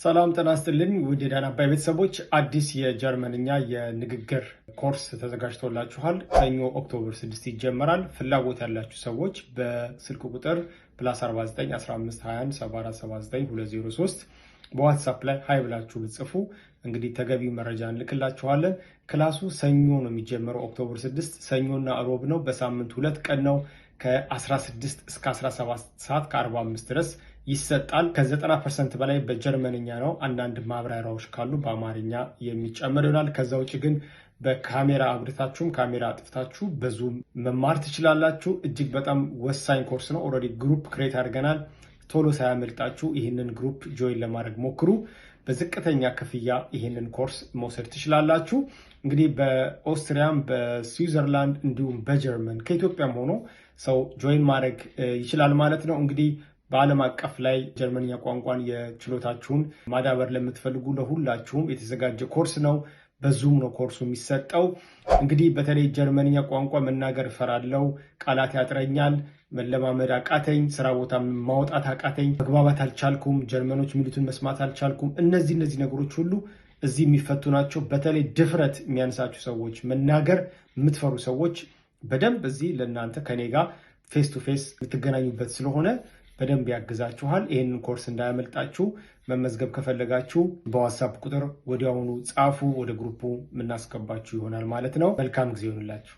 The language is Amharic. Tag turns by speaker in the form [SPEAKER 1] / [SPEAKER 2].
[SPEAKER 1] ሰላም ጤና ይስጥልኝ ውድ የዳን አባይ ቤተሰቦች፣ አዲስ የጀርመንኛ የንግግር ኮርስ ተዘጋጅቶላችኋል። ሰኞ ኦክቶበር 6 ይጀመራል። ፍላጎት ያላችሁ ሰዎች በስልክ ቁጥር ፕላስ 4915217479 በዋትሳፕ ላይ ሀይ ብላችሁ ብጽፉ እንግዲህ ተገቢ መረጃ እንልክላችኋለን። ክላሱ ሰኞ ነው የሚጀምረው ኦክቶበር 6 ሰኞና ሮብ ነው። በሳምንት ሁለት ቀን ነው ከ16 እስከ 17 ሰዓት ከ45 ድረስ ይሰጣል። ከዘጠና ፐርሰንት በላይ በጀርመንኛ ነው። አንዳንድ ማብራሪያዎች ካሉ በአማርኛ የሚጨመር ይሆናል። ከዛ ውጭ ግን በካሜራ አብርታችሁም ካሜራ አጥፍታችሁ በዙም መማር ትችላላችሁ። እጅግ በጣም ወሳኝ ኮርስ ነው። ኦልሬዲ ግሩፕ ክሬት አድርገናል። ቶሎ ሳያመልጣችሁ ይህንን ግሩፕ ጆይን ለማድረግ ሞክሩ። በዝቅተኛ ክፍያ ይህንን ኮርስ መውሰድ ትችላላችሁ። እንግዲህ በኦስትሪያም በስዊዘርላንድ እንዲሁም በጀርመን ከኢትዮጵያም ሆኖ ሰው ጆይን ማድረግ ይችላል ማለት ነው እንግዲህ በዓለም አቀፍ ላይ ጀርመንኛ ቋንቋን የችሎታችሁን ማዳበር ለምትፈልጉ ለሁላችሁም የተዘጋጀ ኮርስ ነው። በዙም ነው ኮርሱ የሚሰጠው። እንግዲህ በተለይ ጀርመንኛ ቋንቋ መናገር እፈራለሁ፣ ቃላት ያጥረኛል፣ መለማመድ አቃተኝ፣ ስራ ቦታ ማውጣት አቃተኝ፣ መግባባት አልቻልኩም፣ ጀርመኖች የሚሉትን መስማት አልቻልኩም። እነዚህ እነዚህ ነገሮች ሁሉ እዚህ የሚፈቱ ናቸው። በተለይ ድፍረት የሚያንሳችሁ ሰዎች፣ መናገር የምትፈሩ ሰዎች በደንብ እዚህ ለእናንተ ከኔ ጋር ፌስ ቱ ፌስ የምትገናኙበት ስለሆነ በደንብ ያግዛችኋል። ይህንን ኮርስ እንዳያመልጣችሁ። መመዝገብ ከፈለጋችሁ በዋትሳፕ ቁጥር ወዲያውኑ ጻፉ። ወደ ግሩፑ የምናስገባችሁ ይሆናል ማለት ነው። መልካም ጊዜ ይሆንላችሁ።